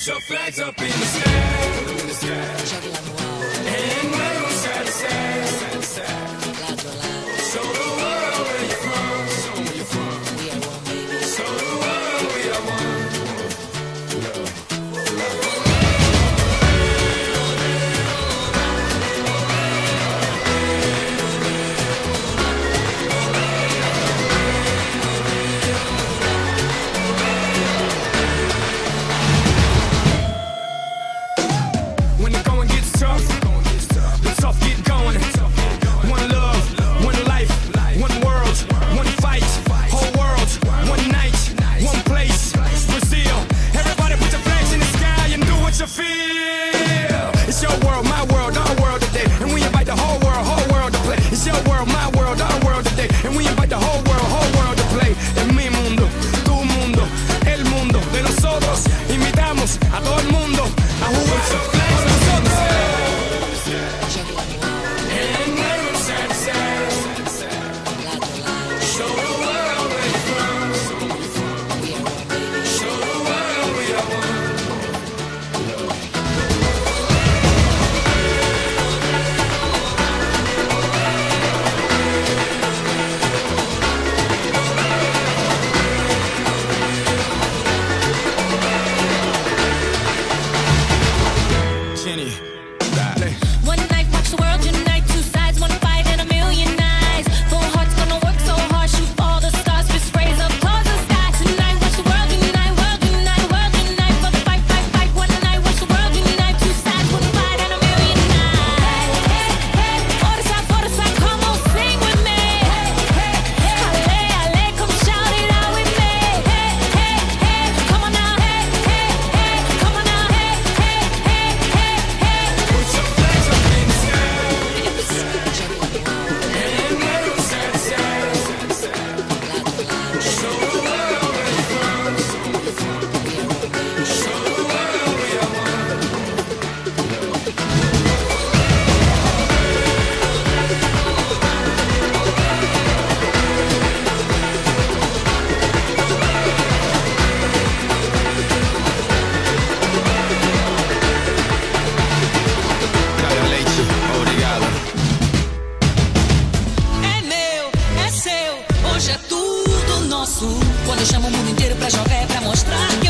Put your flags up in the sky. In the sky. And wave. mundo chama o mundo inteiro pra jogar, é pra mostrar que eu